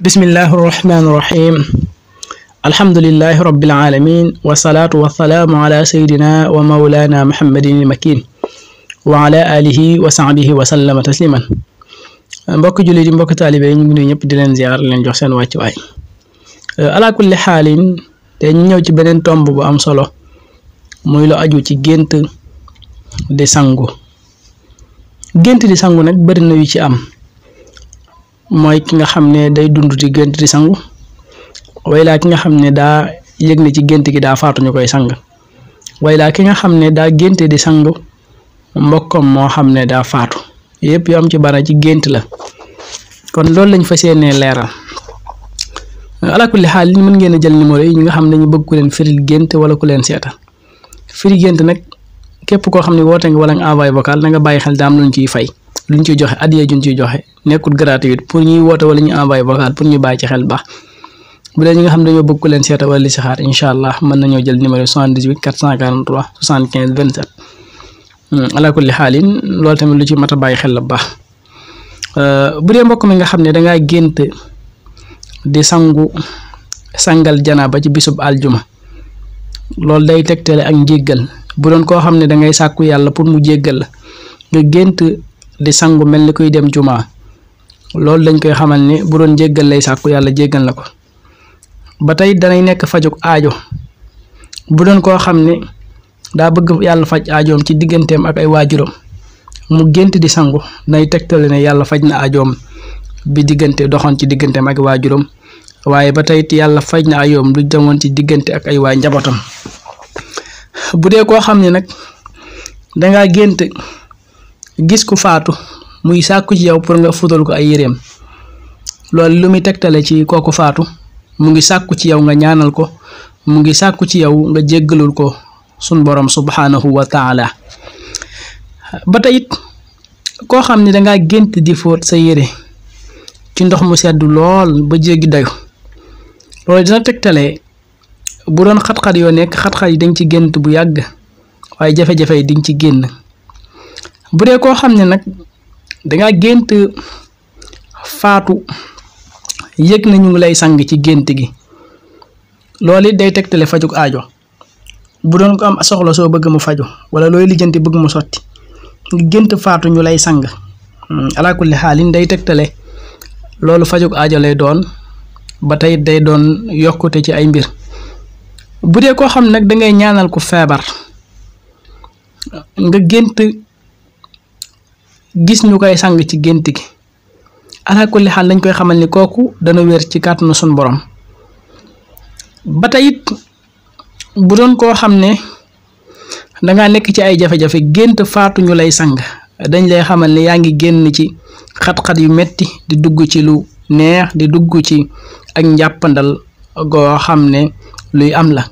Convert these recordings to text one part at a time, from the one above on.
بسم الله الرحمن الرحيم الحمد لله رب العالمين والصلاة والسلام على سيدنا ومولانا محمد المكين وعلى آله وصحبه وسلم تسليما mbokk jullit yi mbokk taalibe yi ñu ngi nuyu di leen ziar leen jox seen wàccuwaay ala kulli xaalin te ñëw ci beneen tomb bu am solo muy lu aju ci gént di sangu gént di sangu nag bari na yu ci am mooy ki nga xam ne day dund di gént di sangu waylaa ki nga xam ne daa yëg ne ci gént gi daa faatu ñu koy sang waylaa ki nga xam ne daa génte di sangu mbokkam moo xam ne daa faatu yëpp yoo am ci bana ci gént la kon loolu lañ fa yéenee leeral ala kulli xaal li mën ngeen a jël numéro yi ñi nga xam ne ñu bëgg ku leen firil gént wala ku leen seetal firi gént nag képp koo xam ne woote nga wala nga envoyé vocal na nga bàyyi xel daam luñ kiy fay ñu ciy joxe addiya juñ ciy joxe nekkul gratuite pour ñuy woote wala ñu envoyé vocal pour ñu bàyyi ci xel baax bu dee ñi nga xam dañoo bëgg ku leen seeta wala li si xaar incha allah mën nañoo jël numéro 78 443 75 27. ala kulli xaalin loolu tamit lu ci mat a bàyyi xel baax euh, bu mbokk mi nga xam ne dangaa gént di sangu sangal janaa ba ci bisub aljuma loolu day tegtale ak njégal bu doon koo xam ne dangay sàkku yàlla pour mu jéggal la nga gént di sangu mel ni kuy dem jumaa loolu dañ koy xamal ni bu doon jéggal lay sàkku yàlla jéggal la ko ba tey danay nekk fajug aajo bu doon koo xam ne daa bëgg yàlla faj aajoom ci digganteem ak ay waajuram mu gént di sangu nay tegtale ne yàlla faj na aajoom bi diggante doxan ci digganteem ak waajuram waaye ba tey yàlla faj na aajoom lu demoon ci diggante ak ay waa njabootam bu dee koo xam ne nag dangaa gént gis ku faatu muy sàkku ci yow pour nga futal ko ay yéreem loolu lu muy tegtale ci kooku faatu mu ngi sàkku ci yow nga ñaanal ko mu ngi sàkku ci yow nga jéggalul ko sun borom subhanahu wa taala ba tey it koo xam ne dangaa gént di fóot sa yére ci ndox mu sedd lool ba jéggi dayu loolu dina tegtale bu doon xat-xat yoo nekk xat-xat yi dañ ci gént bu yàgg waaye jafe-jafe yi diñ ci génn bu dee koo xam ne nag dangaa gént faatu yëg na ñu ngi lay sang ci gént gi loolu it day tegtale fajuk aajo bu doon ko am soxla soo bëgg mu faju wala looy lijjanti bëgg mu sotti nga gént faatu ñu lay sang hmm, ala kulli xaalin day tegtale loolu fajuk aajo lay doon ba tey day doon yokkute ci ay mbir bu dee koo xam nag dangay ñaanal ku feebar nga gént gis ñu koy sang ci gént gi alaakulli xaal dañ koy xamal ni kooku dana wér ci kàttanu sunu borom ba tey it bu doon koo xam ne dangaa nekk ci ay jafe-jafe gént faatu ñu lay sang dañ lay xamal ne yaa ngi génn ci xat-xat yu metti di dugg ci lu neex di dugg ci ak njàppandal goo xam ne luy am la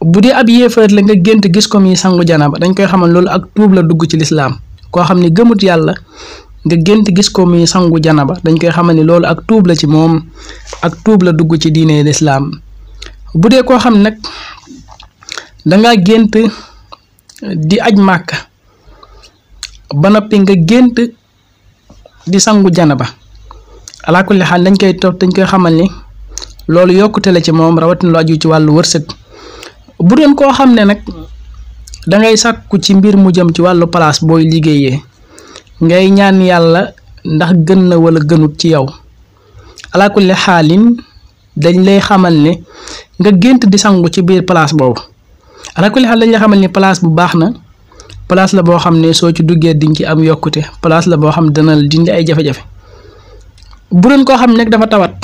bu dee ab yéefar la nga gént gis ko muy sangu janaaba dañ koy xamal loolu ak tuub la dugg ci lislaam koo xam ne gëmut yàlla nga gént gis ko muy sangu ba dañ koy xamal ni loolu ak tuub la ci moom ak tuub la dugg ci diine lislaam bu dee koo xam nag danga gént di aj màkka ba noppi nga gént di sangu ba alaa kulli xaal dañ koy topp dañ koy xamal ni loolu yokkute la ci moom rawatina lu aju ci wàllu wërsëg bu doon koo xam ne nag dangay sàkku ci mbir mu jëm ci wàllu place booy liggéeyee ngay ñaan yàlla ndax gën na wala gënut ci yow alaakulli xaalin dañ lay xamal ne nga gént di sangu ci biir place boobu alaakulli xaal dañ lay xamal ne place bu baax na place la boo xam ne soo ci duggee diñ ci am yokkute place la boo xam dana dindi ay jafe-jafe bu doon koo xam ne dafa tawat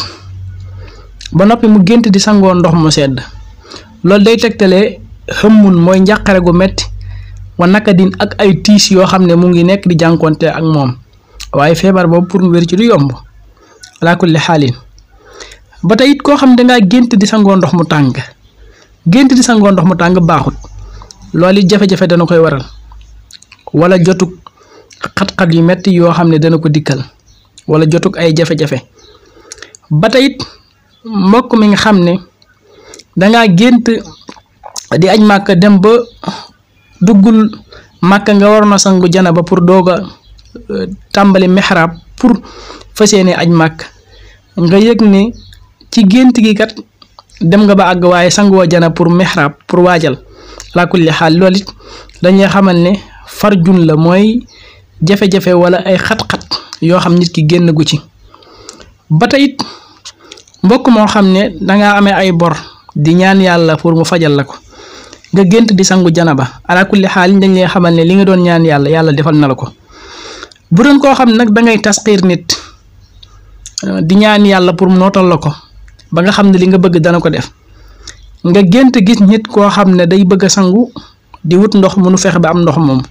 ba noppi mu gént di sangoo ndox mu sedd loolu day tegtale xëmmun mooy njàqare gu metti wa nakadin ak ay tiis yoo xam ne mu ngi nekk di jànkonte ak moom waaye feebar boobu pour mu wér ci du yomb ala kulli xaalin ba tey it koo xam dangaa gént di sangoo ndox mu tàng gént di sangoo ndox mu tàng baaxut loolu it jafe-jafe dana koy waral wala jotug xat-xat yu metti yoo xam ne dana ko dikkal wala jotug ay jafe-jafe ba tey mbokk mi nga xam ne danga gént di aj maka dem ba duggul màkka nga waroon sangu janaba pour pur a euh, tàmbali mihrab pour fas yéene aj nga yek ne ci genti gi kat dem nga ba ag waye sangu jana pour mihrab pour wajal. la kulli hal lolit dañuy xamal ne farjun la moy jafe-jafe wala ay khat khat yo xam nit ki genn gu ci ba mbokk moo ne ay bor di ñaan yalla pour mu fajal lako nga gént di sangu jana ba kulli xaal dañ lay xamal ne li nga doon ñaan yàlla yàlla defal na la ko bu doon koo xam nag da ngay tasxiir nit euh, di ñaan yàlla pour nootal la ko ba nga xam ne li nga bëgg dana ko def nga gént gis nit koo xam ne day bëgg a sangu di wut ndox mënu fexe ba am ndox moom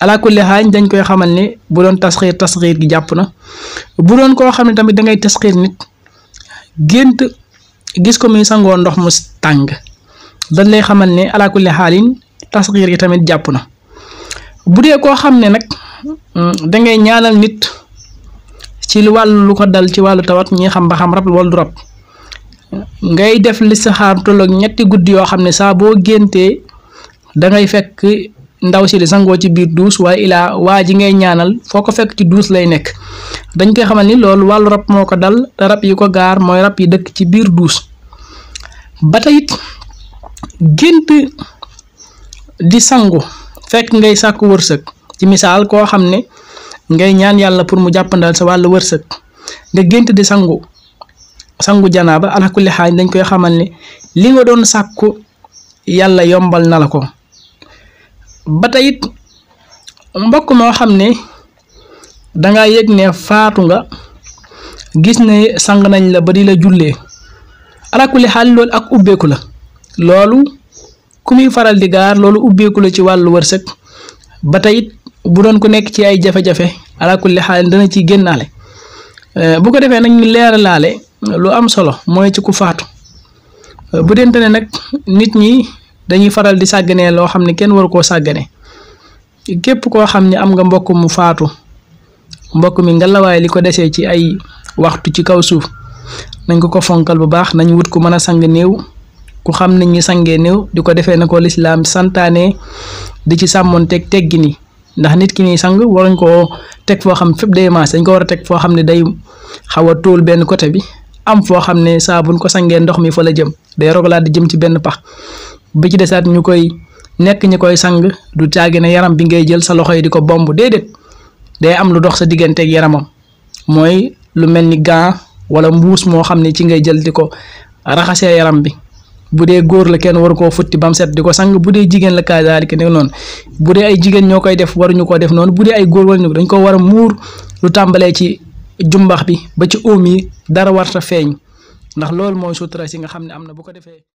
ala kulli dañ koy xamal ne bu doon tasxiir tasxiir gi jàpp na bu koo xam ne tamit da ngay tasxiir nit gént gis ko muy sangoo ndox mu tàng. dañ lay xamal ne ala kulli xaalin tasxiir yi tamit jàpp na bu dee koo xam ne nag mm, dangay ñaanal nit ci wàllu lu ko dal ci wàllu tawat ñi xam ba xam rab wala du rab ngay def listixaar tolloog ñetti guddi yoo xam ne saa boo géntee dangay fekk ndaw si di sangoo ci biir duus waaye illaa waa ji ngay ñaanal foo ko fekk ci duus lay nekk dañ koy xamal ni loolu wàllu rab moo ko dal te rab yi ko gaar mooy rab yi dëkk ci biir duus ba tey gént di sangu fekk ngay sàkk wërsëg ci misaal koo xam ne ngay ñaan yàlla pour mu jàppandal sa wàll wërsëg nga gént di sangu sangu janaa ba kulli xaal dañ koy xamal ne li nga doon sàkku yàlla yombal na la ko ba tey mbokk moo xam ne danga yëg ne faatu nga gis ne sang nañ la ba di la jullee ala kulli loolu ak ubbeeku la lolu kumi faral di lolu ubi ubbeeku la ci walu wërsëg ba tayit it bu don ku nek ci ay jafe-jafe ala kulli hal dana ci euh bu ko defee nak ñu léralalé lu am solo moy ci ku faatu eh, bu den tane nak nit ñi dañuy faral di sàgganee lo xamni kenn war ko sàggane képp ko xamni am nga mbokk mu faatu mbokk mi ngal li ko desee ci ay waxtu ci kaw suuf nañ ko ko fonkal bu baax nañ wut ko mëna sang neew ku xam ne ñu sangee néew di ko defee na ko lislaam santaane di ci sàmmoon teg teggin yi ndax nit ki ñuy sang waruñ koo teg foo xam fépp day maas dañ ko war a teg foo xam ne day xaw a tóol benn côté bi am foo xam ne saa ko sangee ndox mi fa la jëm day rogalaat di jëm ci benn pax bi ci desaat ñu koy nekk ñi koy sang du caagi ne yaram bi ngay jël sa loxo yi di ko bomb déedéet day am lu dox sa digganteeg yaramam mooy lu mel ni gant wala mbuus moo xam ne ci ngay jël di ko raxasee yaram bi bu dee góor la kenn waru koo futti ba mu set di ko sang bu dee jigéen la kazaalika nekk noonu bu dee ay jigéen ñoo koy def waruñu koo def noonu bu dee ay góor waruñu ko dañ ko war a muur lu tàmbalee ci jumbax bi ba ci óom yi dara warta feeñ ndax loolu mooy sutura si nga xam ne am na bu ko defee